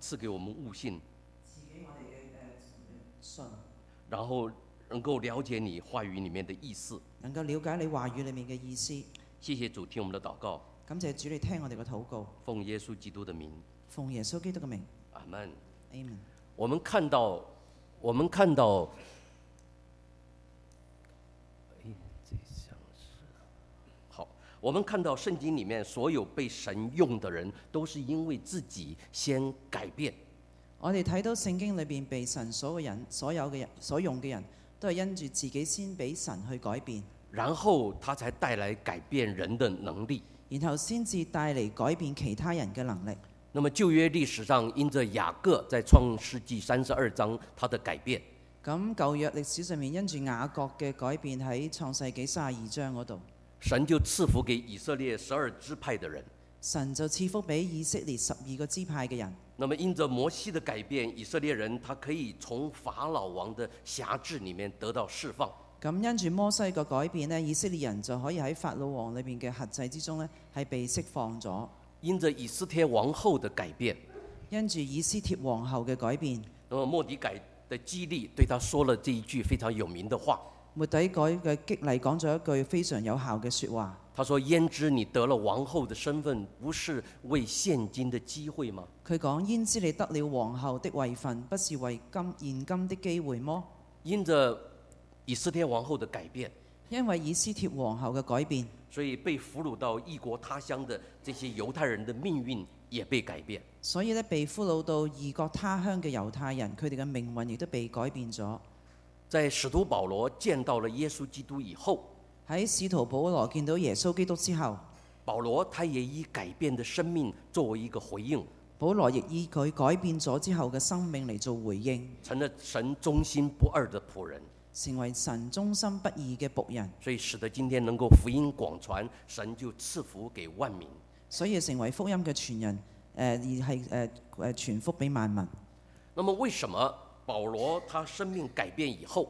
賜給我們悟性，然後能夠了解你話語裏面的意思，能夠了解你話語裏面嘅意思。謝謝主聽我們的禱告，感謝主嚟聽我哋嘅禱告。奉耶穌基督的名，奉耶穌基督嘅名，阿門，Amen。我們看到，我們看到。我們看到聖經裡面所有被神用的人，都是因為自己先改變。我哋睇到聖經裡邊被神所有人，所有嘅人所用嘅人，都係因住自己先俾神去改變，然後他才帶來改變人的能力，然後先至帶嚟改變其他人嘅能力。那麼舊約歷史上因着雅各在創世紀三十二章他的改變，咁舊約歷史上面因住雅各嘅改變喺創世紀三十二章嗰度。神就賜福給以色列十二支派的人，神就賜福俾以色列十二個支派嘅人。那麼因着摩西的改變，以色列人他可以從法老王的轄制裏面得到釋放。咁因住摩西嘅改變呢，以色列人就可以喺法老王裏邊嘅轄制之中呢，係被釋放咗。因着以斯帖王后嘅改變，因住以斯帖王后嘅改變，那麼莫迪改的激勵對他說了這一句非常有名的話。末底改嘅激勵講咗一句非常有效嘅說話。他說：焉知你得了王后嘅身份，不是為現今的機會嗎？佢講：焉知你得了王后的位分，不是為今現今的機會麼？因着以斯帖王后的改變，因為以斯帖王后嘅改變，所以被俘虜到異國他鄉的這些猶太人的命運也被改變。所以呢，被俘虜到異國他鄉嘅猶太人，佢哋嘅命運亦都被改變咗。在使徒保羅見到了耶穌基督以後，喺使徒保羅見到耶穌基督之後，保羅他也以改變的生命作為一個回應。保羅亦以佢改變咗之後嘅生命嚟做回應，成了神忠心不二的僕人，成為神忠心不二嘅僕人。所以使得今天能夠福音廣傳，神就賜福給萬民。所以成為福音嘅傳人，而係誒誒傳福俾萬民。那麼為什麼？保羅他生命改變以後，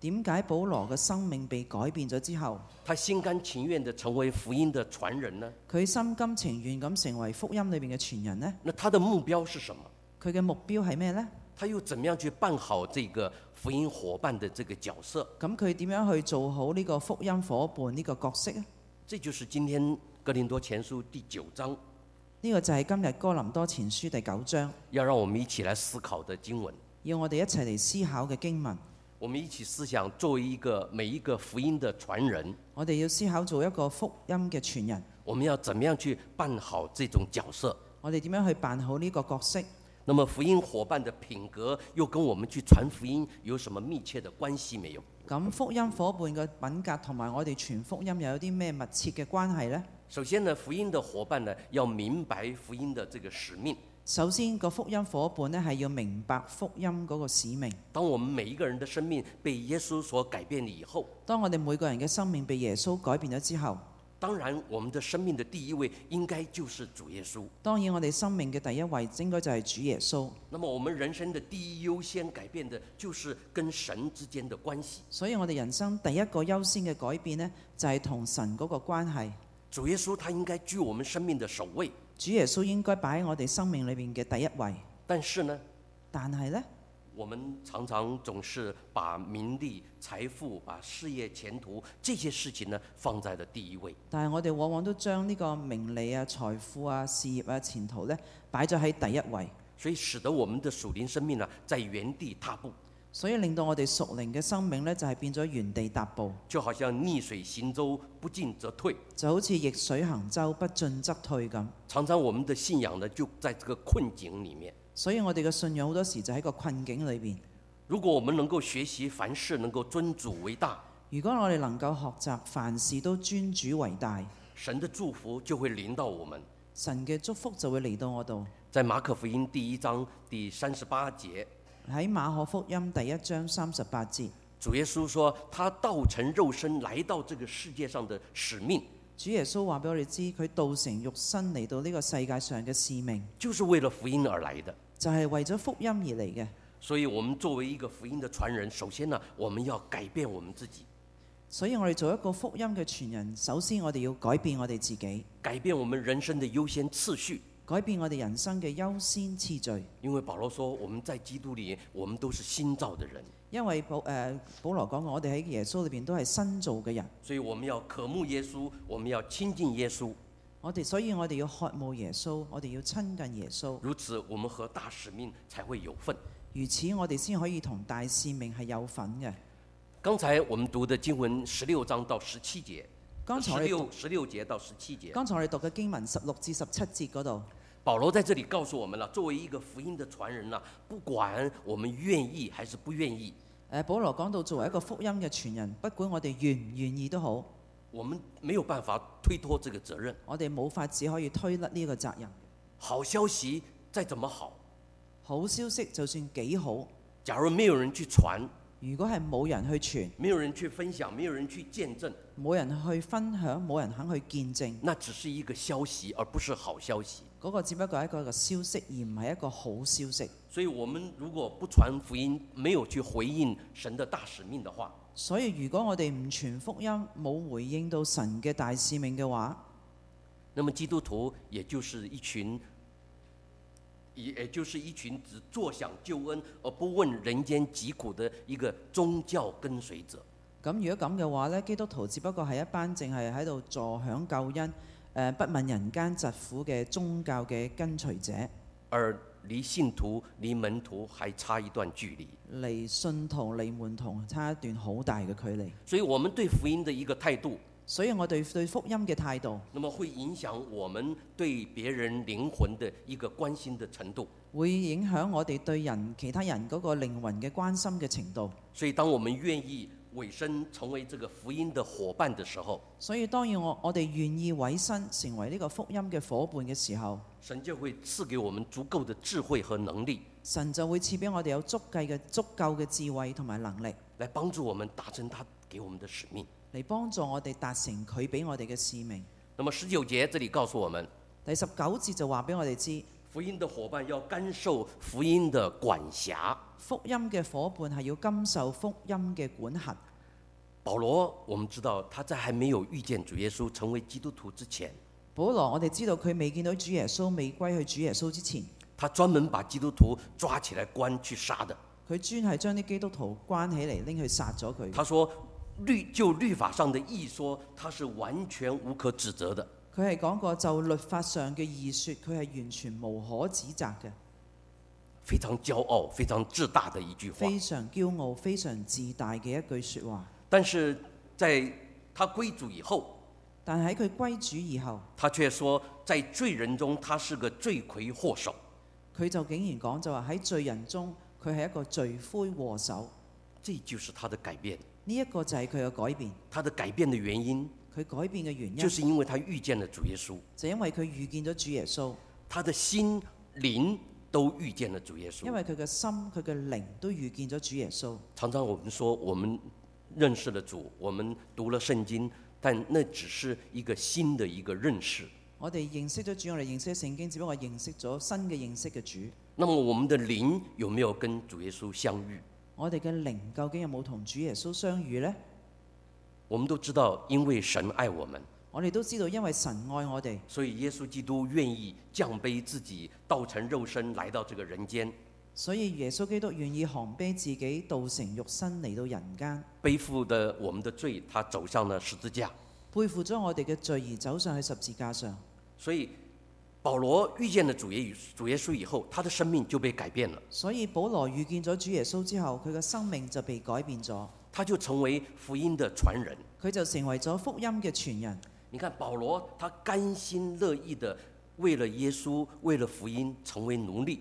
點解保羅嘅生命被改變咗之後，他心甘情願地成為福音嘅傳人呢？佢心甘情願咁成為福音裏面嘅傳人呢？那他的目標是什麼？佢嘅目標係咩呢？他又怎麼樣去辦好這個福音夥伴的這個角色？咁佢點樣去做好呢個福音夥伴呢個角色呢？這就是今天哥林多前書第九章。呢、這個就係今日哥林多前書第九章要讓我們一起來思考的經文，要我哋一齊嚟思考嘅經文。我們一起思想作為一個每一個福音的傳人，我哋要思考做一個福音嘅傳人，我們要怎麼樣去辦好這種角色？我哋點樣去辦好呢個角色？那麼福音夥伴的品格又跟我們去傳福音有什麼密切的關係沒有？咁福音夥伴嘅品格同埋我哋傳福音又有啲咩密切嘅關係咧？首先咧，福音的夥伴咧要明白福音的這個使命。首先，個福音夥伴咧係要明白福音嗰個使命。當我們每一個人的生命被耶穌所改變以後，當我哋每個人嘅生命被耶穌改變咗之後。當然，我們的生命的第一位應該就是主耶穌。當然，我哋生命嘅第一位應該就係主耶穌。那麼我們人生的第一優先改變的，就是跟神之間的關係。所以我哋人生第一個優先嘅改變呢，就係同神嗰個關係。主耶穌他應該居我們生命的首位。主耶穌應該擺喺我哋生命裏面嘅第一位。但是呢，但係咧。我們常常總是把名利、財富、啊、把事業前途這些事情呢，放在了第一位。但係我哋往往都將呢個名利啊、財富啊、事業啊、前途呢擺咗喺第一位，所以使得我們的屬靈生命呢，在原地踏步。所以令到我哋屬靈嘅生命呢就係變咗原地踏步。就好像逆水行舟，不進則退。就好似逆水行舟，不進則退咁。常常我們的信仰呢，就在這個困境裏面。所以我哋嘅信仰好多時就喺個困境裏邊。如果我們能夠學習凡事能夠尊主為大，如果我哋能夠學習凡事都尊主為大，神的祝福就會臨到我們。神嘅祝福就會嚟到我度。在馬可福音第一章第三十八節，喺馬可福音第一章三十八節，主耶穌說他道成肉身來到這個世界上的使命。主耶穌話俾我哋知佢道成肉身嚟到呢個世界上嘅使命，就是為了福音而來嘅。就係、是、為咗福音而嚟嘅。所以，我們作為一個福音的傳人，首先呢，我們要改變我們自己。所以我哋做一個福音嘅傳人，首先我哋要改變我哋自己。改變我們人生嘅優先次序。改變我哋人生嘅優先次序。因為保羅說，我們在基督裏，我們都是新造的人。因為保誒、呃、保羅講我哋喺耶穌裏邊都係新造嘅人。所以，我們要渴慕耶穌，我們要親近耶穌。我哋所以，我哋要渴慕耶穌，我哋要親近耶穌，如此，我們和大使命才會有份。如此，我哋先可以同大使命係有份嘅。剛才我們讀的經文十六章到十七節，剛才，十六十六節到十七節，剛才我哋讀嘅、呃、經文十六至十七節嗰度，保羅在這裏告訴我們啦，作為一個福音的傳人啦、啊，不管我們願意還是不願意。誒、呃，保羅講到作為一個福音嘅傳人，不管我哋願唔願意都好。我們沒有辦法推脫這個責任。我哋冇法子可以推甩呢個責任。好消息再怎麼好，好消息就算幾好，假如沒有人去傳，如果係冇人去傳，沒有人去分享，沒有人去見證，冇人去分享，冇人肯去見證，那只是一個消息，而不是好消息。嗰個只不過係一個個消息，而唔係一個好消息。所以，我們如果不傳福音，沒有去回應神的大使命的話。所以如果我哋唔傳福音，冇回應到神嘅大使命嘅話，那麼基督徒也就是一群，也就是一群只坐享救恩而不問人間疾苦的一個宗教跟隨者。咁如果咁嘅話咧，基督徒只不過係一班淨係喺度坐享救恩，誒、呃、不問人間疾苦嘅宗教嘅跟隨者。而離信徒、離門徒還差一段距離。離信徒、離門徒差一段好大嘅距離。所以，我們對福音的一個態度。所以我對對福音嘅態度。那麼會影響我們對別人靈魂的一個關心的程度。會影響我哋對人其他人嗰個靈魂嘅關心嘅程度。所以，當我們願意，委身成為這個福音的伙伴的時候，所以當然我我哋願意委身成為呢個福音嘅伙伴嘅時候，神就會賜給我們足夠的智慧和能力。神就會賜給我哋有足夠嘅足夠嘅智慧同埋能力，嚟幫助我們達成他給我們的使命，嚟幫助我哋達成佢俾我哋嘅使命。那麼十九節這裏告訴我們，第十九節就話俾我哋知，福音的伙伴要甘受福音的管轄。福音嘅夥伴係要甘受福音嘅管轄。保羅，我們知道他在還沒有遇見主耶穌成為基督徒之前，保羅，我哋知道佢未見到主耶穌，未歸去主耶穌之前，他專門把基督徒抓起來關去殺的。佢專係將啲基督徒關起嚟拎去殺咗佢。他說律就律法上的義說，他是完全無可指責的。佢係講過就律法上嘅義說，佢係完全無可指責嘅。非常驕傲、非常自大的一句話。非常驕傲、非常自大嘅一句說話。但是在他歸主以後，但喺佢歸主以後，他卻說，在罪人中，他是個罪魁禍首。佢就竟然講就話喺罪人中，佢係一個罪魁禍首。這就是他的改變。呢一個就係佢嘅改變。他的改變的原因，佢改變嘅原因，就是因為他遇見了主耶穌。就因為佢遇見咗主耶穌，他的心靈，都遇見了主耶穌，因為佢嘅心、佢嘅靈都遇見咗主耶穌。常常我們說，我們認識了主，我們讀了聖經，但那只是一個新的一個認識。我哋認識咗主，我哋認識聖經，只不過認識咗新嘅認識嘅主。那麼我們的靈有沒有跟主耶穌相遇？我哋嘅靈究竟有冇同主耶穌相遇呢？我們都知道，因為神愛我們。我哋都知道，因為神愛我哋，所以耶穌基督願意降卑自己，道成肉身來到這個人間。所以耶穌基督願意降卑自己，道成肉身嚟到人間，背負的我們的罪，他走上了十字架。背負咗我哋嘅罪而走上去十字架上。所以保羅遇見了主耶主耶穌以後，他的生命就被改變了。所以保羅遇見咗主耶穌之後，佢嘅生命就被改變咗。他就成為福音的傳人。佢就成為咗福音嘅傳人。你看保羅，他甘心樂意地為了耶穌、為了福音成為奴隸。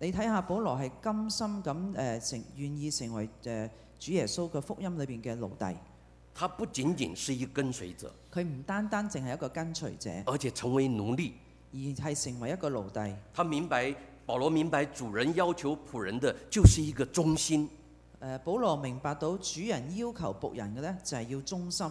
你睇下保羅係甘心咁誒，成願意成為誒主耶穌嘅福音裏邊嘅奴隸。他不僅僅是一個跟隨者，佢唔單單淨係一個跟隨者，而且成為奴隸，而係成為一個奴隸。他明白保羅明白主人要求僕人的就是一個忠心。誒，保羅明白到主人要求僕人嘅咧就係要忠心。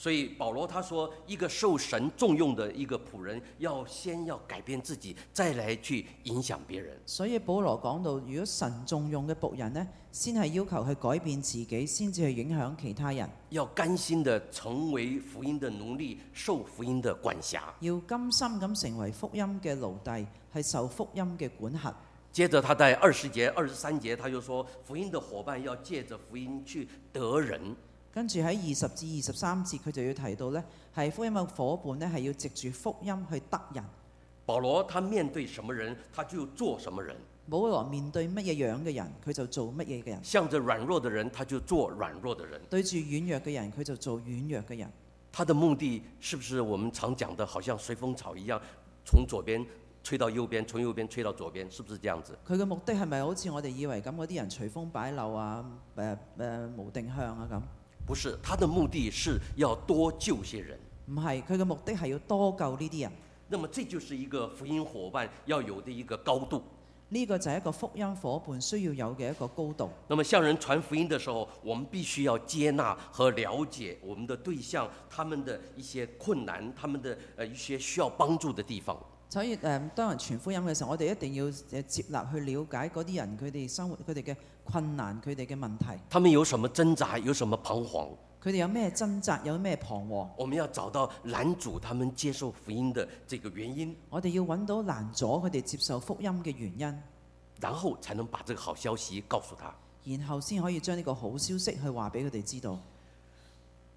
所以保羅他說，一個受神重用的一個僕人，要先要改變自己，再來去影響別人。所以保羅講到，如果神重用嘅僕人呢，先係要求去改變自己，先至去影響其他人。要甘心的成為福音的奴隸，受福音的管轄。要甘心咁成為福音嘅奴隸，係受福音嘅管轄。接着他在二十節、二十三節，他就說，福音的伙伴要借着福音去得人。跟住喺二十至二十三節，佢就要提到呢：「係福音嘅伙伴呢，係要藉住福音去得人。保羅他面對什麼人，他就做什麼人。保羅面對乜嘢樣嘅人，佢就做乜嘢嘅人。向着軟弱嘅人，他就做軟弱嘅人。對住軟弱嘅人，佢就做軟弱嘅人。他的目的是不是我們常講的，好像隨風草一樣，從左邊吹到右邊，從右邊吹到左邊，是不是這樣子？佢嘅目的係咪好似我哋以為咁嗰啲人隨風擺漏啊、呃？誒、呃呃、無定向啊咁？不是，他的目的是要多救些人。唔係，佢嘅目的係要多救呢啲人。那麼這就是一個福音伙伴要有的一個高度。呢、這個就係一個福音伙伴需要有嘅一個高度。那麼向人傳福音的時候，我們必須要接納和了解我們的對象，他們的一些困難，他們的呃一些需要幫助的地方。所以，誒、呃，當人傳福音嘅時候，我哋一定要誒接納去了解嗰啲人，佢哋生活，佢哋嘅困難、佢哋嘅問題。他們有什麼掙扎，有什麼彷徨？佢哋有咩掙扎，有咩彷徨？我們要找到攔阻，他們接受福音的這個原因。我哋要揾到攔阻佢哋接受福音嘅原因，然後才能把這個好消息告訴他。然後先可以將呢個好消息去話俾佢哋知道。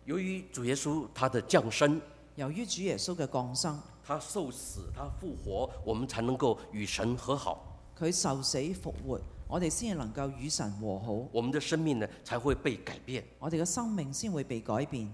由於主耶穌他的降生，由於主耶穌嘅降生。他受死，他復活，我們才能夠與神和好。佢受死復活，我哋先係能夠與神和好。我們的生命呢，才會被改變。我哋嘅生命先會被改變。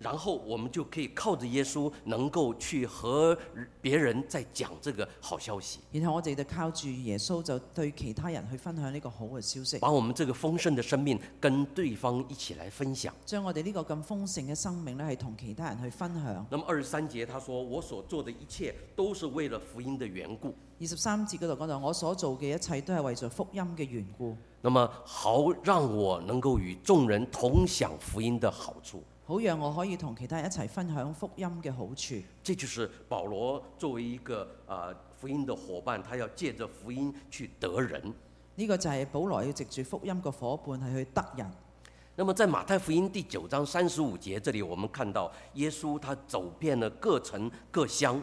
然後我們就可以靠着耶穌，能夠去和別人在講這個好消息。然後我哋就靠住耶穌，就對其他人去分享呢個好嘅消息。把我們這個豐盛的生命，跟對方一起來分享。將我哋呢個咁豐盛嘅生命呢，係同其他人去分享。那麼二十三節他說：“我所做的一切，都是為了福音的緣故。”二十三節嗰度講到，我所做嘅一切都係為咗福音嘅緣故。那麼好，讓我能夠與眾人同享福音的好處。好讓我可以同其他人一齊分享福音嘅好處。這就是保羅作為一個啊、呃、福音的伙伴，他要借着福音去得人。呢、這個就係保羅要藉住福音嘅伙伴係去得人。那麼在馬太福音第九章三十五節，這裏我們看到耶穌他走遍了各城各鄉。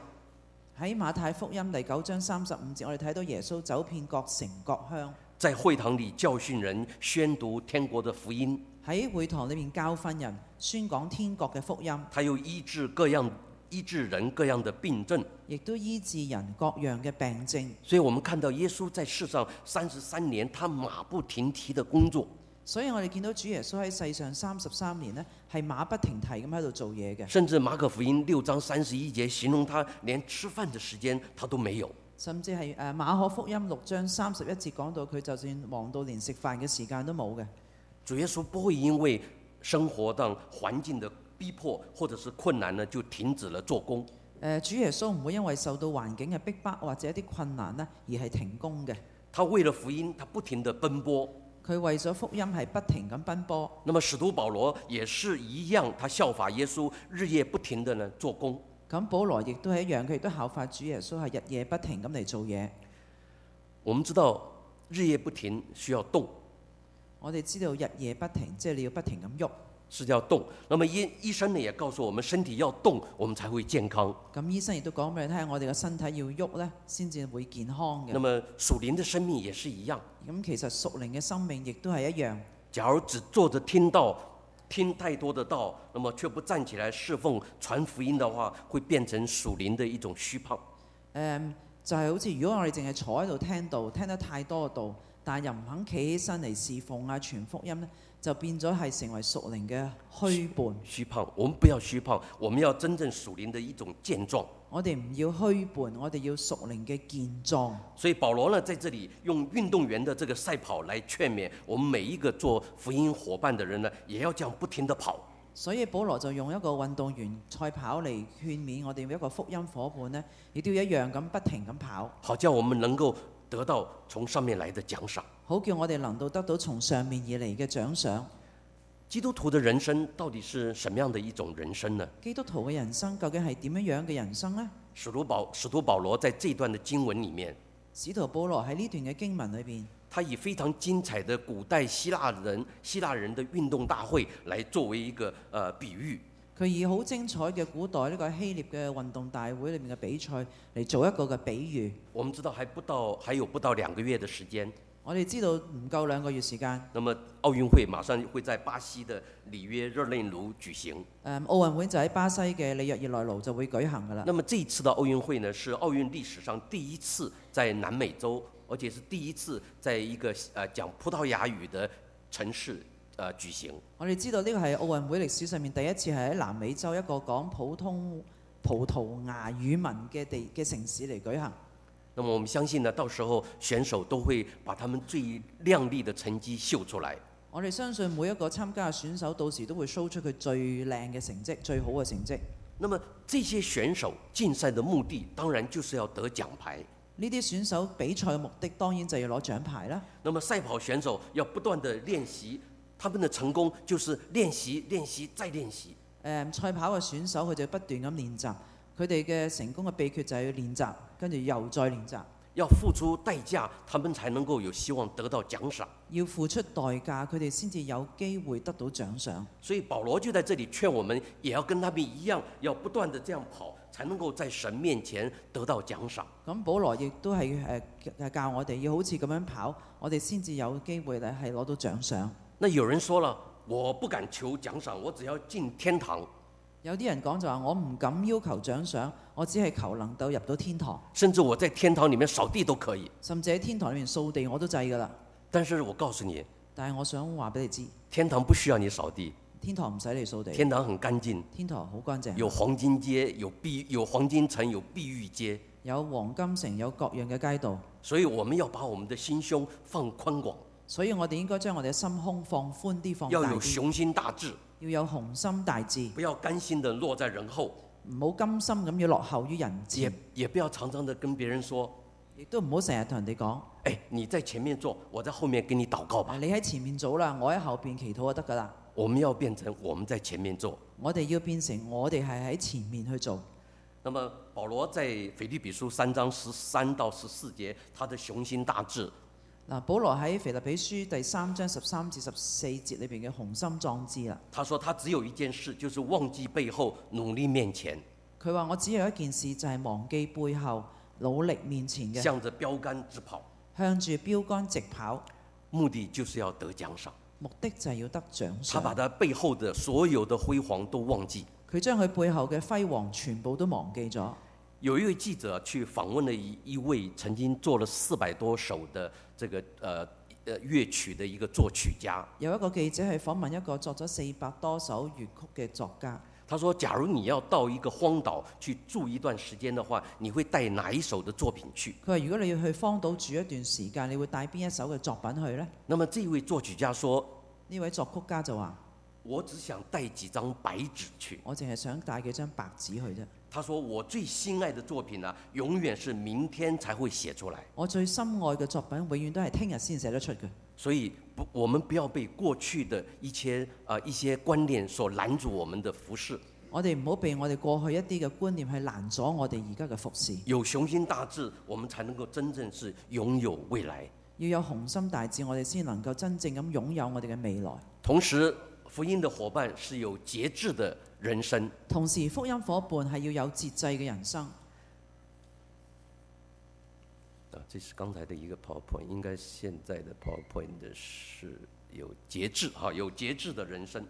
喺馬太福音第九章三十五節，我哋睇到耶穌走遍各城各鄉。在會堂裏教訓人，宣讀天國的福音。喺會堂裏面教訓人，宣講天國嘅福音。他又醫治各樣、醫治人各樣的病症，亦都醫治人各樣嘅病症。所以，我們看到耶穌在世上三十三年，他馬不停蹄的工作。所以我哋見到主耶穌喺世上三十三年呢，係馬不停蹄咁喺度做嘢嘅。甚至馬可福音六章三十一節形容他連吃飯嘅時間他都沒有。甚至係誒馬可福音六章三十一節講到佢就算忙到連食飯嘅時間都冇嘅。主耶穌不會因為生活的環境的逼迫或者是困難呢，就停止了做工。誒，主耶穌唔會因為受到環境嘅逼迫或者一啲困難呢，而係停工嘅。他為了福音，他不停的奔波。佢為咗福音係不停咁奔波。那麼使徒保羅也是一樣，他效法耶穌，日夜不停的呢做工。咁保羅亦都係一樣，佢亦都效法主耶穌係日夜不停咁嚟做嘢。我們知道日夜不停需要動。我哋知道日夜不停，即係你要不停咁喐，是要動。那麼醫醫生呢也告訴我們，身體要動，我們才會健康。咁醫生亦都講俾你聽我哋嘅身體要喐咧，先至會健康嘅。那麼屬靈的生命也是一樣。咁其實屬靈嘅生命亦都係一樣。假如只坐着聽到聽太多的道，那麼卻不站起來侍奉傳福音的話，會變成屬靈的一種虛胖。Um, 就係好似如果我哋淨係坐喺度聽到聽得太多道。但又唔肯企起身嚟侍奉啊，傳福音呢，就變咗係成為屬靈嘅虛胖。虛胖，我們不要虛胖，我們要真正屬靈的一種健壯。我哋唔要虛胖，我哋要屬靈嘅健壯。所以，保羅呢，在這裏用運動員的這個賽跑嚟勸勉我們每一個做福音夥伴的人呢，也要這樣不停的跑。所以，保羅就用一個運動員賽跑嚟勸勉我哋一個福音夥伴呢，亦都一樣咁不停咁跑，好叫我們能夠得到從上面來的獎賞，好叫我哋能夠得到從上面而嚟嘅獎賞。基督徒的人生到底是什麼樣的一種人生呢？基督徒嘅人生究竟係點樣樣嘅人生呢？使徒保使徒保羅在這段嘅經文裏面，使徒保羅喺呢段嘅經文裏面，他以非常精彩嘅古代希臘人希臘人的運動大會嚟作為一個、呃、比喻。佢以好精彩嘅古代呢個希臘嘅運動大會裏面嘅比賽嚟做一個嘅比喻。我們知道還不到，還有不到兩個月嘅時間，我哋知道唔夠兩個月時間。那麼奧運會馬上會在巴西的里約熱內盧舉行。誒，um，奧運會就喺巴西嘅里約熱內盧就會舉行噶啦。那麼，這一次的奧運會呢，是奧運歷史上第一次在南美洲，而且是第一次在一個、呃、講葡萄牙語的城市。誒、呃，舉行。我哋知道呢個係奧運會歷史上面第一次係喺南美洲一個講普通葡萄牙語文嘅地嘅城市嚟舉行。那麼，我們相信呢，到時候選手都會把他們最亮麗的成績秀出來。我哋相信每一個參加嘅選手到時都會 show 出佢最靚嘅成績，最好嘅成績。那麼，這些選手競賽嘅目的當然就是要得獎牌。呢啲選手比賽嘅目的當然就要攞獎牌啦。那麼，賽跑選手要不斷地練習。他們的成功就是練習、練習再練習。誒，賽跑嘅選手佢就不斷咁練習，佢哋嘅成功嘅秘訣就係要練習，跟住又再練習。要付出代價，他們才能夠有希望得到獎賞。要付出代價，佢哋先至有機會得到獎賞。所以，保羅就喺這裡勸我們，也要跟他們一樣，要不斷地這樣跑，才能夠在神面前得到獎賞。咁，保羅亦都係誒教我哋要好似咁樣跑，我哋先至有機會咧係攞到獎賞。那有人說了，我不敢求獎賞，我只要進天堂。有啲人講就話，我唔敢要求獎賞，我只係求能夠入到天堂。甚至我在天堂裡面掃地都可以。甚至喺天堂裡面掃地我都制㗎喇。但是我告訴你，但係我想話俾你知，天堂不需要你掃地，天堂唔使你掃地，天堂很乾淨，天堂好乾淨，有黃金街，有碧，有黃金城，有碧玉街，有黃金城，有各樣嘅街道。所以，我們要把我們的心胸放寬廣。所以我哋應該將我哋嘅心胸放寬啲、放大啲。要有雄心大志，要有雄心大志，不要甘心地落在人後。唔好甘心咁要落後於人。也也不要常常地跟別人說。亦都唔好成日同人哋講、哎啊。你在前面做，我在後面跟你禱告吧。你喺前面做啦，我喺後邊祈禱就得噶啦。我們要變成我們在前面做。我哋要變成我哋係喺前面去做。那麼，保羅在腓立比書三章十三到十四節，他的雄心大志。嗱，保羅喺腓立比書第三章十三至十四節裏邊嘅雄心壯志啦。他說：他只有一件事，就是忘記背後，努力面前。佢話：我只有一件事，就係忘記背後，努力面前嘅。向着標杆直跑。向住標杆直跑，目的就是要得獎賞。目的就係要得獎賞。他把他背後的所有的輝煌都忘記。佢將佢背後嘅輝煌全部都忘記咗。有一位記者去訪問了一一位曾經做了四百多首的這個呃呃樂曲的一個作曲家。有一個記者去訪問一個作咗四百多首樂曲嘅作家。佢說：假如你要到一個荒島去住一段時間的話，你會帶哪一首的作品去？佢話：如果你要去荒島住一段時間，你會帶邊一首嘅作品去呢？」那麼這位作曲家說：呢位作曲家就話：我只想帶幾張白紙去。我淨係想帶幾張白紙去啫。他說：“我最心愛的作品呢、啊，永遠是明天才會寫出來。”我最心愛嘅作品，永遠都係聽日先寫得出嘅。所以，不，我們不要被過去的一些啊、呃、一些觀念所攔住我們的服事。我哋唔好被我哋過去一啲嘅觀念去攔阻我哋而家嘅服事。有雄心大志，我們才能夠真正是擁有未來。要有雄心大志，我哋先能夠真正咁擁有我哋嘅未來。同時，福音的伙伴是有節制的。人生，同時福音伙伴係要有節制嘅人生。啊，這是剛才的一個 power point，應該現在的 power point 的是有節制，哈，有節制的人生。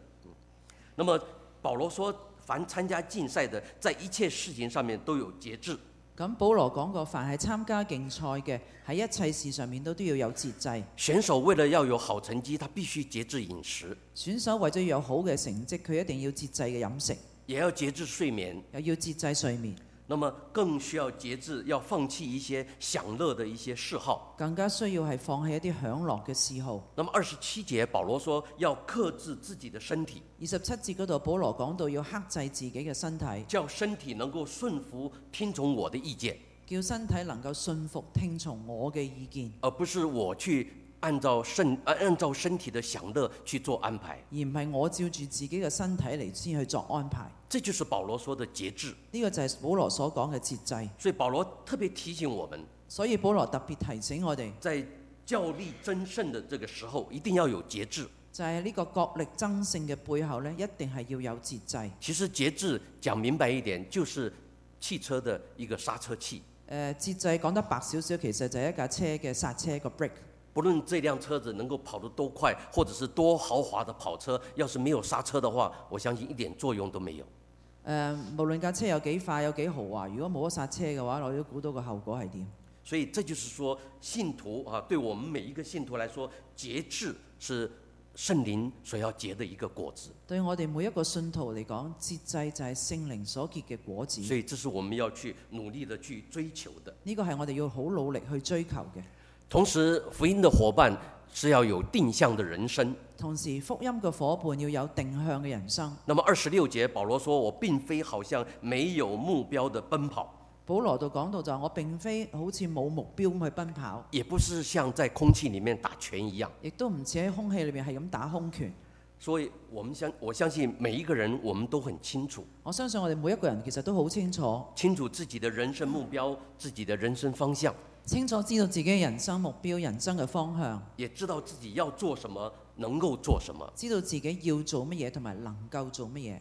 那麼保羅說，凡參加競賽的，在一切事情上面都有節制。咁，保羅講過，凡係參加競賽嘅，喺一切事上面都都要有節制。選手為了要有好成績，他必須節制飲食。選手為咗有好嘅成績，佢一定要節制嘅飲食。也要節制睡眠。又要節制睡眠。那麼更需要節制，要放棄一些享樂的一些嗜好。更加需要係放棄一啲享樂嘅嗜好。那麼二十七節，保羅說要克制自己嘅身體。二十七節嗰度，保羅講到要克制自己嘅身體，叫身體能夠順服聽從我嘅意見，叫身體能夠順服聽從我嘅意見，而不是我去。按照身按照身體的享樂去做安排，而唔係我照住自己嘅身體嚟，先去做安排。這就是保羅說的節制，呢、這個就係保羅所講嘅節制。所以保羅特別提醒我們，所以保羅特別提醒我哋，在較力爭勝的這個時候，一定要有節制。就係、是、呢個較力爭勝嘅背後咧，一定係要有節制。其實節制講明白一點，就是汽車的一個剎車器。誒、呃，節制講得白少少，其實就係一架車嘅剎車個 break。不論這輛車子能夠跑得多快，或者是多豪華的跑車，要是沒有剎車的話，我相信一點作用都沒有。誒、嗯，無論架車有幾快有幾豪華，如果冇咗剎車嘅話，我亦都估到個後果係點。所以這就是說，信徒啊，對我們每一個信徒來說，節制是聖靈所要結的一個果子。對我哋每一個信徒嚟講，節制就係聖靈所結嘅果子。所以這是我們要去努力地去追求的。呢、這個係我哋要好努力去追求嘅。同時福音的伙伴是要有定向的人生。同時福音嘅伙伴要有定向嘅人生。那麼二十六節，保羅說：我並非好像沒有目標的奔跑。保羅就講到就我並非好似冇目標去奔跑。也不是像在空氣裏面打拳一樣。亦都唔似喺空氣裏面係咁打空拳。所以我們相我相信每一個人，我們都很清楚。我相信我哋每一個人其實都好清楚，清楚自己的人生目標、自己的人生方向。清楚知道自己嘅人生目標，人生嘅方向，也知道自己要做什麼，能夠做什麼，知道自己要做乜嘢同埋能夠做乜嘢。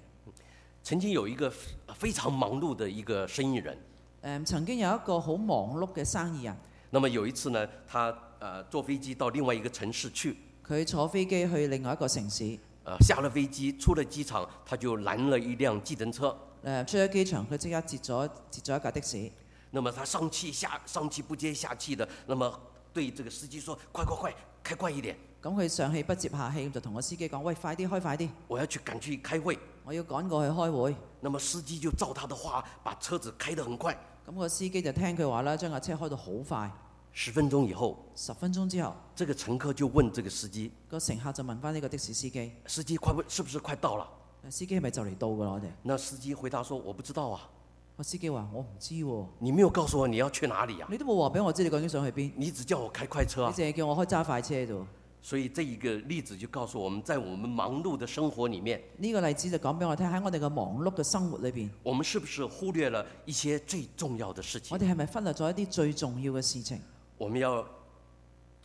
曾經有一個非常忙碌嘅一個生意人，呃、曾經有一個好忙碌嘅生意人。那麼有一次呢，他、呃、坐飛機到另外一個城市去，佢坐飛機去另外一個城市。呃、下了飛機出了機場，他就攔了一輛計程車，呃、出咗機場，佢即刻截咗截咗一架的士。那麼他上氣下上氣不接下氣的，那麼對這個司機說：快快快，開快一點。咁佢上氣不接下氣，就同個司機講：喂，快啲，開快啲。我要去趕去開會，我要趕過去開會。那麼司機就照他的話，把車子開得很快。咁、那個司機就聽佢話啦，將架車開到好快。十分鐘以後，十分鐘之後，這個乘客就問這個司機：個乘客就問翻呢個的士司機：司機快不，是不是快到了？司機係咪就嚟到嘅啦，我哋。那司機回答說：我不知道啊。我司機話我唔知。哦，你沒有告訴我你要去哪裏呀，啊？你都冇話俾我知你究竟想去邊，啊？你只叫我開，開快車，你淨係叫我開揸快車啫。所以這一個例子就告訴我們在我們忙碌的生活裏面，呢、這個例子就講俾我聽喺我哋嘅忙碌嘅生活裏邊，我們是不是忽略了一些最重要的事情？我哋係咪忽略咗一啲最重要嘅事情？我們要。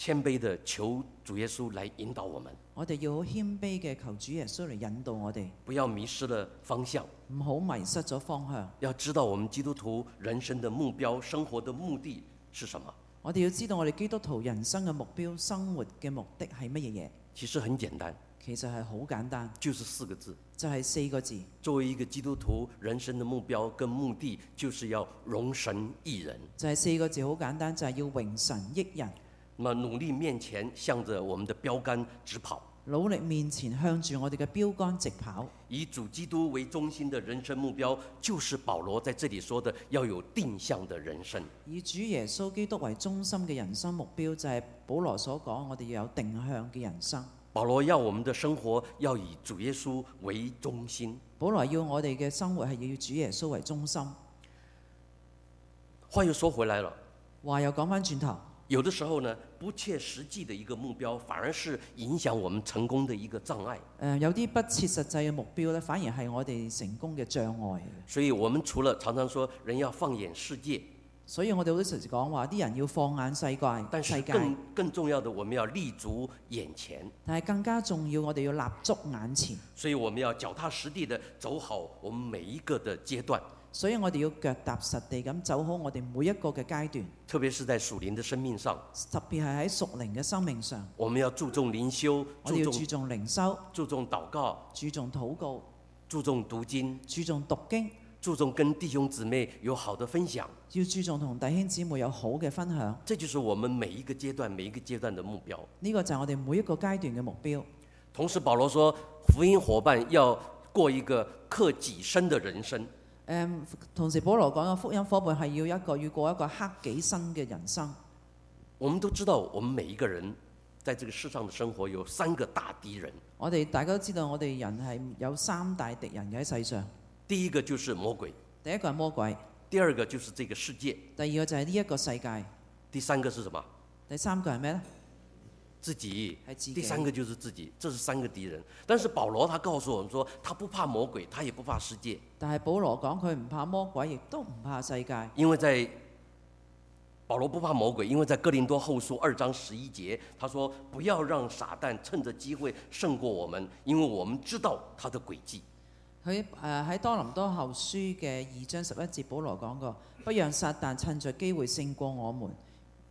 謙卑地求主耶穌來引導我們。我哋要好謙卑嘅求主耶穌嚟引導我哋，不要迷失了方向。唔好迷失咗方向。要知道我們基督徒人生的目標、生活的目的是什麼？我哋要知道我哋基督徒人生嘅目標、生活嘅目的係乜嘢嘢？其實很簡單，其實係好簡單，就是四個字，就係四個字。作為一個基督徒，人生的目標跟目的就是要榮神益人。就係四個字，好簡單，就係要榮神益人。咁努力面前，向着我們的標杆直跑。努力面前向住我哋嘅標杆直跑。以主基督為中心的人生目標，就是保羅在這裡說的要有定向的人生。以主耶穌基督為中心嘅人生目標，就係保羅所講，我哋要有定向嘅人生。保羅要我們的生活要以主耶穌為中心。保羅要我哋嘅生活係要以主耶穌為中心。話又說回來了，話又講翻轉頭。有的時候呢，不切實際的一個目標，反而是影響我們成功的一個障礙。誒、呃，有啲不切實際嘅目標呢，反而係我哋成功嘅障礙。所以，我們除了常常說人要放眼世界，所以我哋好多時講話啲人要放眼世界。世界。但是更更重要的，我們要立足眼前。但係更加重要，我哋要立足眼前。所以，我們要腳踏實地地走好我們每一個的階段。所以我哋要腳踏實地咁走好我哋每一個嘅階段，特別是在屬靈嘅生命上，特別係喺屬靈嘅生命上，我們要注重靈修，注重，注重靈修，注重禱告，注重禱告，注重讀經，注重讀經，注重跟弟兄姊妹有好的分享，要注重同弟兄姊妹有好嘅分享。這就是我們每一個階段，每一個階段的目標。呢個就係我哋每一個階段嘅目標。同時，保羅說，福音伙伴要過一個克己身的人生。同時，保羅講嘅福音夥伴係要一個要過一個克己身嘅人生。我們都知道，我們每一個人，在這個世上的生活有三個大敵人。我哋大家都知道，我哋人係有三大敵人嘅喺世上。第一個就是魔鬼。第一個係魔鬼。第二個就是這個世界。第二個就係呢一個世界。第三個係什麼？第三個係咩咧？自己，係自己，第三個就是自己，這是三個敵人。但是，保羅他告訴我們說，他不怕魔鬼，他也不怕世界。但係，保羅講，佢唔怕魔鬼，亦都唔怕世界，因為在。保羅不怕魔鬼，因為在哥林多後書二章十一節，他說不要讓撒但趁着機會勝過我們，因為我們知道他的詭計。佢誒喺多林多後書嘅二章十一節，保羅講過，不讓撒旦趁着機會勝過我們，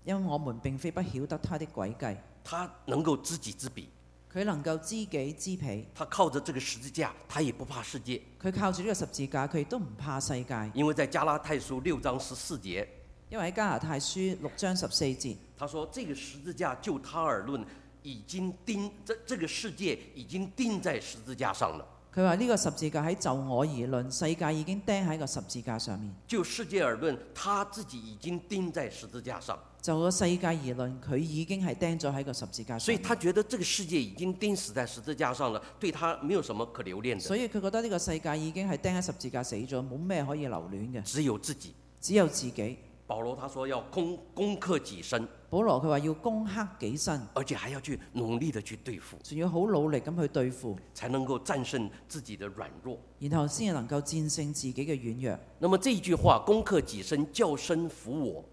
因為我們並非不曉得他的詭計。他能夠，知己知彼，佢能夠知己知彼他他。他靠着這個十字架，他也不怕世界。佢靠住呢個十字架，佢都唔怕世界。因為在加拉太書六章十四節，因為喺加拉太書六章十四節，他說：這個十字架就他而論，已經釘這這個世界已經釘在十字架上了。佢話呢個十字架喺就我而論，世界已經釘喺個十字架上面。就世界而論，他自己已經釘在十字架上。就個世界而論，佢已經係釘咗喺個十字架上。所以他覺得這個世界已經釘死在十字架上了，對他沒有什麼可留戀的。所以佢覺得呢個世界已經係釘喺十字架死咗，冇咩可以留戀嘅。只有自己，只有自己。保羅，他說要攻攻克己身。保羅佢話要攻克己身，而且還要去努力的去對付，仲要好努力咁去對付，才能夠戰勝自己的軟弱，然後先能夠戰勝自己嘅軟弱、嗯。那麼這句話，攻克己身，叫身服我。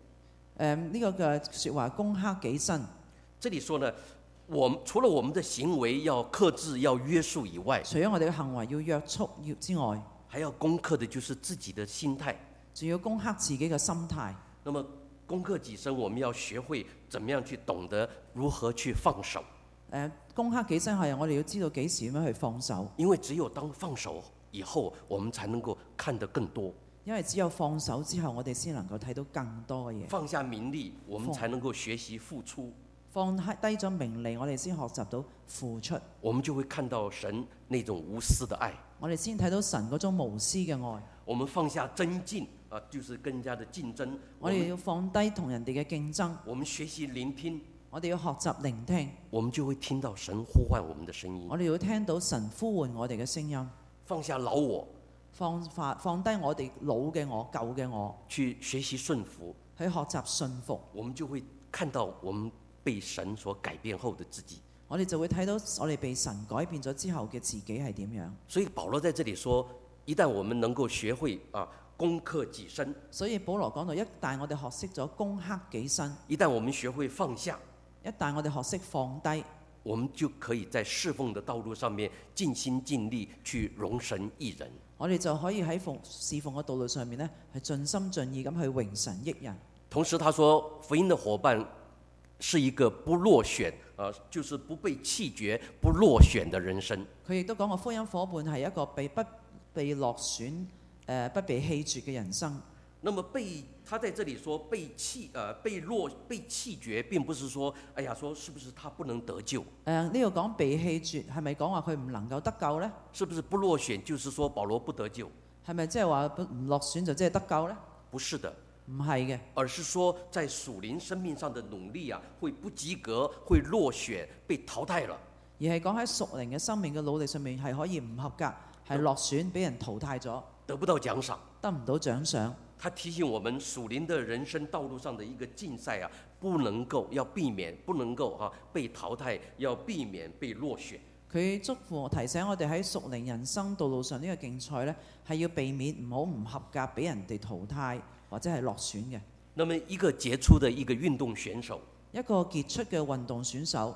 誒、這、呢個嘅説話攻克己身？這裡說呢，我除了我們的行為要克制、要約束以外，除咗我哋嘅行為要約束之外，還要攻克的就是自己嘅心態，仲要攻克自己嘅心態。那麼攻克己身？我們要學會怎麼樣去懂得如何去放手。誒、呃，攻克己身係我哋要知道幾時點樣去放手。因為只有當放手以後，我們才能夠看得更多。因為只有放手之後，我哋先能夠睇到更多嘅嘢。放下名利，我們才能夠學習付出。放低咗名利，我哋先學習到付出。我們就會看到神那種無私的愛。我哋先睇到神嗰種無私嘅愛。我們放下爭競，啊，就是更加的競爭。我哋要放低同人哋嘅競爭。我們學習聆聽。我哋要學習聆聽。我們就會聽到神呼喚我們嘅聲音。我哋要聽到神呼喚我哋嘅聲音。放下老我。放法放低我哋老嘅我、舊嘅我，去學習順服，去學習順服，我們就會看到我們被神所改變後的自己。我哋就會睇到我哋被神改變咗之後嘅自己係點樣。所以保羅在這裏說：一旦我們能夠學會啊攻克己身，所以保羅講到一旦我哋學識咗攻克己身，一旦我們學會放下，一旦我哋學識放低，我們就可以在侍奉的道路上面盡心盡力去容神一人。我哋就可以喺奉侍奉嘅道路上面呢，係盡心盡意咁去榮神益人。同時，他說福音的夥伴是一個不落選，呃，就是不被棄絕不落選的人生。佢亦都講過，福音夥伴係一個被不被落選，誒、呃，不被棄絕嘅人生。那麼被他在這裏說被棄，誒、呃、被落被棄絕，並不是說，哎呀，說是不是他不能得救？誒、呃，呢個講被棄絕，係咪講話佢唔能夠得救呢？是不是不落選就是說保羅不得救？係咪即係話唔落選就即係得救呢？不是的，唔係嘅，而是說在屬靈生命上嘅努力啊，會不及格，會落選被淘汰了。而係講喺屬靈嘅生命嘅努力上面，係可以唔合格，係、嗯、落選俾人淘汰咗，得不到獎賞，得唔到獎賞。他提醒我們屬靈的人生道路上的一個競賽啊，不能夠要避免，不能夠哈、啊、被淘汰，要避免被落選。佢祝福我提醒我哋喺屬靈人生道路上個競賽，呢個競賽咧，係要避免唔好唔合格，俾人哋淘汰或者係落選嘅。那麼一個傑出嘅一個運動選手，一個傑出嘅運動選手。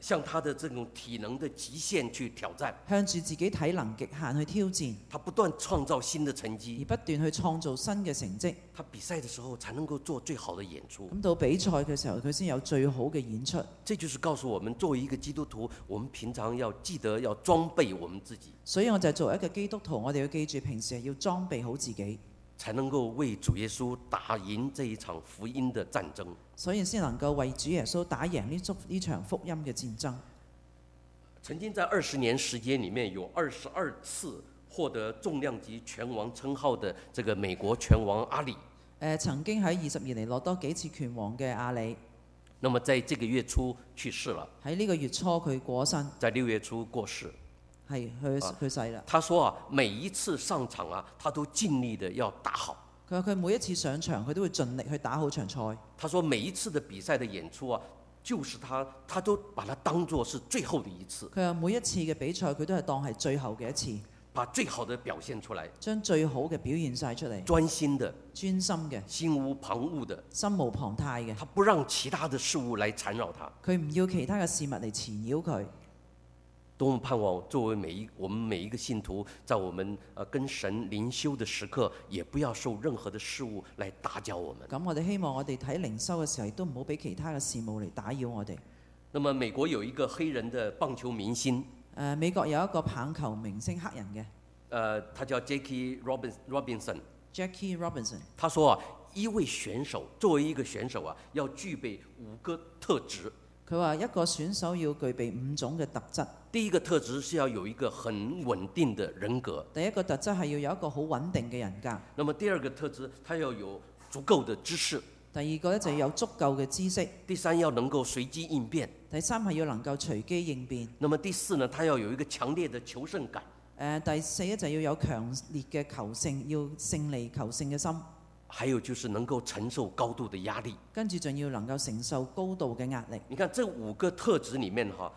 向他的這種體能的極限去挑戰，向住自己體能極限去挑戰，他不斷創造新的成績，而不斷去創造新嘅成績，他比賽的時候，才能夠做最好的演出。咁到比賽嘅時候，佢先有最好嘅演出。這就是告訴我們，作為一個基督徒，我們平常要記得要裝備我們自己。所以我就作為一個基督徒，我哋要記住，平時要裝備好自己。才能夠為主耶穌打贏這一場福音的戰爭，所以先能夠為主耶穌打贏呢呢場福音嘅戰爭。曾經在二十年時間裏面有二十二次獲得重量級拳王稱號的這個美國拳王阿里，曾經喺二十年嚟，落多幾次拳王嘅阿里，那麼在這個月初去世了。喺呢個月初佢過身，在六月初過世。係去去細啦。他說啊，每一次上場啊，他都盡力的要打好。佢話：佢每一次上場，佢都會盡力去打好場賽。他說：每一次的比賽的演出啊，就是他，他都把它當做是最後的一次。佢話：每一次嘅比賽，佢都係當係最後嘅一次。把最好的表現出來。將最好嘅表現晒出嚟。專心的。專心嘅。心無旁騖的。心無旁泰嘅。他不讓其他的事物來纏繞他。佢唔要其他嘅事物嚟纏繞佢。多麼盼望，作為每一我們每一個信徒，在我們呃跟神靈修的時刻，也不要受任何的事物來打擾我們。咁我哋希望我哋睇靈修嘅時候，都唔好俾其他嘅事務嚟打擾我哋。那麼美國有一個黑人的棒球明星，呃、美國有一個棒球明星黑人嘅，他、呃、叫 Jackie Robinson。Jackie Robinson。他說啊，一位選手作為一個選手啊，要具備五個特質。佢話一個選手要具備五種嘅特質。第一個特質是要有一個很穩定的人格。第一個特質係要有一個好穩定嘅人格。那麼第二個特質，他要有足夠嘅知識。第二個咧，就要有足夠嘅知識。第三，要能夠隨機應變。第三，係要能夠隨機應變。那麼第四呢，他要有一個強烈嘅求勝感、呃。誒第四咧，就要有強烈嘅求勝，要勝利求勝嘅心。還有就是能夠承受高度的壓力，跟住仲要能夠承受高度嘅壓力。你看這五個特質裏面哈，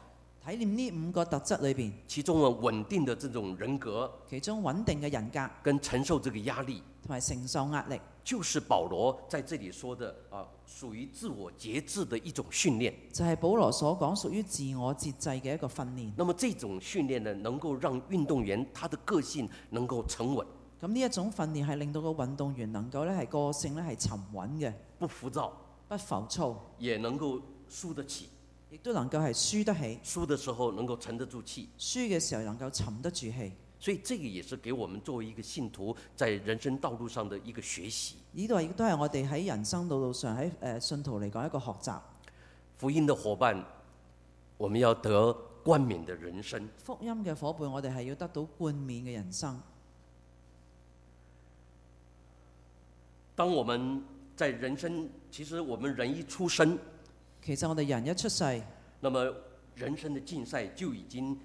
體驗呢五個特質裏邊，其中啊穩定的這種人格，其中穩定嘅人格，跟承受這個壓力，同埋承受壓力，就是保羅在這裏說的啊，屬於自我節制的一種訓練。就係、是、保羅所講，屬於自我節制嘅一個訓練。那麼這種訓練呢，能夠讓運動員他的個性能夠沉穩。咁呢一種訓練係令到個運動員能夠呢係個性呢係沉穩嘅，不浮躁，不浮躁，也能夠輸得起，亦都能夠係輸得起，輸嘅時候能夠沉得住氣，輸嘅時候能夠沉得住氣。所以這個也是給我們作為一個信徒，在人生道路上的一個學習。呢度亦都係我哋喺人生道路上喺誒信徒嚟講一個學習。福音的伙伴，我們要得冠冕的人生。福音嘅伙伴，我哋係要得到冠冕嘅人生。嗯當我們在人生，其實我們人一出生，其實我哋人一出世，那麼人生的競賽就已經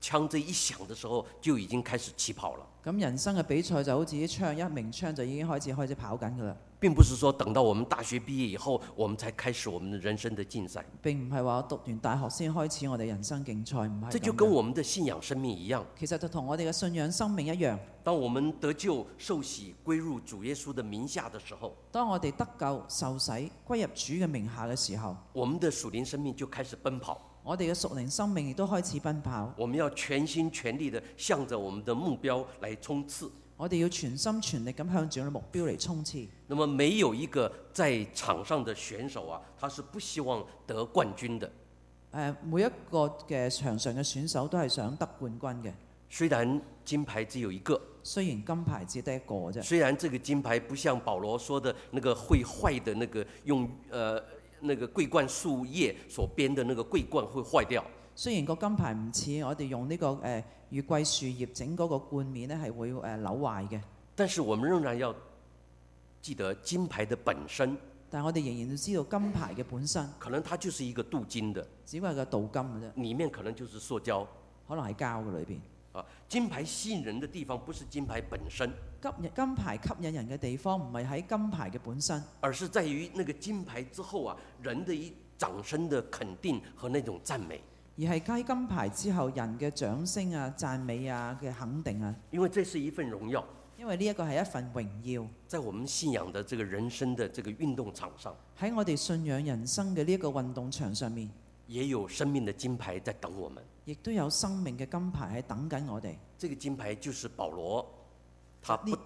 槍聲一響的時候，就已經開始起跑了。咁人生嘅比賽就好似啲槍，一鳴槍就已經開始開始跑緊㗎啦。並不是說等到我們大學畢業以後，我們才開始我們的人生的競賽。並唔係話讀完大學先開始我哋人生競賽，唔係。這就跟我們的信仰生命一樣。其實就同我哋嘅信仰生命一樣。當我們得救受洗歸入主耶穌的名下的時候，當我哋得救受洗歸入主嘅名下嘅時候，我們的屬靈生命就開始奔跑。我哋嘅屬靈生命亦都開始奔跑。我們要全心全力地向着我們的目標來衝刺。我哋要全心全力咁向住嗰個目標嚟衝刺。那麼，沒有一個在場上的選手啊，他是不希望得冠軍的。呃，每一個嘅場上嘅選手都係想得冠軍嘅。雖然金牌只有一個。雖然金牌只得一個啫。雖然這個金牌不像保羅說的，那個、的那個會壞的那個用，呃，那個桂冠樹葉所編的那個桂冠會壞掉。雖然個金牌唔似我哋用呢、這個誒、呃、月桂樹葉整嗰個冠冕咧，係會誒扭壞嘅。但是我們仍然要記得金牌的本身。但係我哋仍然要知道金牌嘅本身。可能它就是一個鍍金的。只不過係個鍍金嘅啫。裡面可能就是塑膠，可能係膠嘅裏邊。啊，金牌吸引人的地方不是金牌本身。金金牌吸引人嘅地方唔係喺金牌嘅本身，而是在於那個金牌之後啊，人的一掌聲的肯定和那種讚美。而係攞金牌之後，人嘅掌聲啊、讚美啊嘅肯定啊，因為這是一份榮耀，因為呢一個係一份榮耀，在我們信仰的這個人生的這個運動場上，喺我哋信仰人生嘅呢一個運動場上面，也有生命的金牌在等我們，亦都有生命嘅金牌喺等緊我哋。這個金牌就是保羅，他不、啊、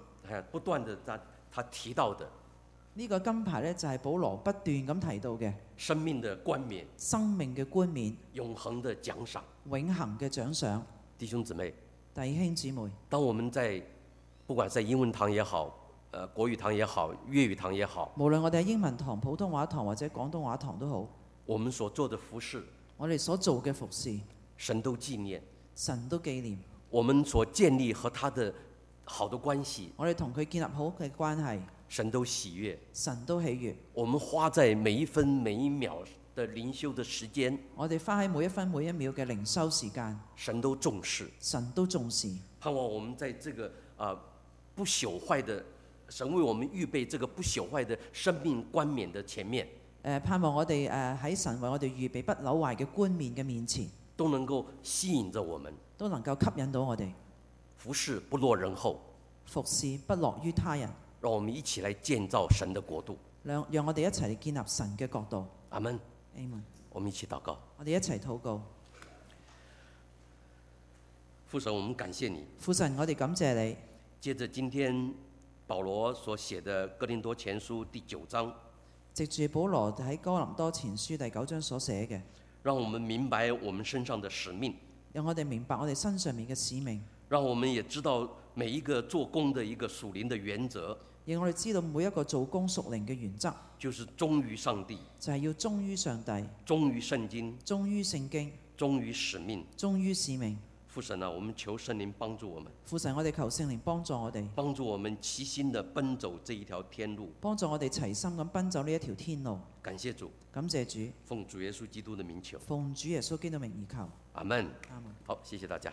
不斷的在他，他提到的。呢、這個金牌呢，就係、是、保羅不斷咁提到嘅生命的冠冕，生命的冠冕，永恒嘅獎賞，永恒的獎賞。弟兄姊妹，弟兄姊妹，當我們在，不管在英文堂也好，國、呃、國語堂也好，粵語堂也好，無論我哋喺英文堂、普通話堂或者廣東話堂都好，我們所做的服事，我哋所做嘅服事，神都紀念，神都紀念，我們所建立和他的好的關係，我哋同佢建立好嘅關係。神都喜悅，神都喜悅。我們花在每一分每一秒的靈修的時間，我哋花喺每一分每一秒嘅靈修時間，神都重視，神都重視。盼望我們在這個啊、呃、不朽壞的，神為我們預備這個不朽壞的生命冠冕的前面，誒、呃、盼望我哋誒喺神為我哋預備不朽壞嘅冠冕嘅面前，都能夠吸引着我們，都能夠吸引到我哋，服侍不落人後，服侍不落於他人。讓我們一起來建造神的國度。讓讓我哋一齊建立神嘅國度。阿門。我們一起禱告。我哋一齊禱告。父神，我們感謝你。父神，我哋感謝你。借着今天保羅所寫的哥林多前書第九章，藉住保羅喺哥林多前書第九章所寫嘅，讓我們明白我們身上的使命。讓我哋明白我哋身上面嘅使命。讓我們也知道每一個做工的一個屬靈的原則。讓我哋知道每一個做工屬靈嘅原則，就是忠於上帝。就係要忠於上帝，忠於聖經，忠於聖經，忠於使命，忠於使命。父神啊，我們求聖靈幫助我們。父神，我哋求聖靈幫助我哋，幫助我們齊心的奔走這一條天路。幫助我哋齊心咁奔走呢一條天路。感謝主，感謝主，奉主耶穌基督的名求，奉主耶穌基督的名而求。阿門。阿門。好，謝謝大家。